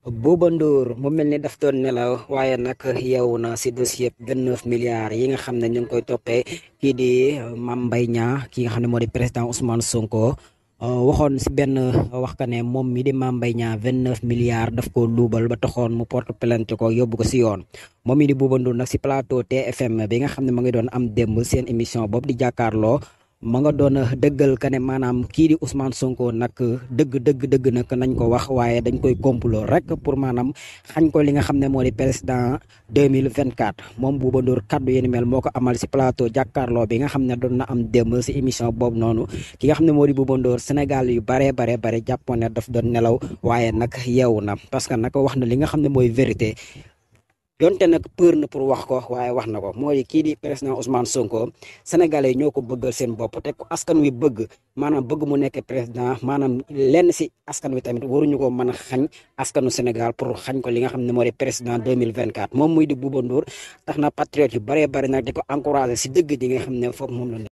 Bouba Ndour mu mel ni daf doon nelaw waaye nag yow na si dossier vingt-neuf milliards yi nga xam ne ñu ngi koy toppee kii di uh, maam mbay ñaa ki nga xam ne moo di président Ousmane Sonko uh, waxoon si benn wax ka ne moom mi di Mame mbay Niang vingt-neuf milliards daf ko luubal ba taxoon mu porte plainte ko yóbbu ko si yoon moom mi di Bouba Ndour nag si plateau TFM bi nga xam ne mu ngi doon am démb seen émission boobu di jàkkaarloo ma nga doon dëggal ka ne maanaam kii di Ousmane Sonko nag dëgg dëgg dëgg nak nañ ko wax waaye dañ koy complot rek pour maanaam xañ ko li nga xam ne moo di président 2024 moom Bouba Ndour kaddu yéen mel moo ko amal si plateau jàkkarloo bi nga xam ne doon na am démb si émission boobu noonu ki nga xam ne moo di Bouba Sénégal yu baree baree bare jàppoon ne daf doon nelaw waaye nag yeewu na parce que nag wax na li nga xam ne mooy vérité donte nag peur na pour wax ko waaye wax na ko mooy kii di président Ousmane Sonko sénégalais ñoo ko bëggal seen bopp te ku askan wi bëgg maanaam bëgg mu nekk président maanaam lenn si askan wi tamit waruñu ko mën a xañ askanu Sénégal pour xañ ko li nga xam ne moo di président 2024 moom muy di Bouba Ndour tax na patriote yu bëree bëri nag di ko encouragé si dëgg di nga xam ne foofu moom la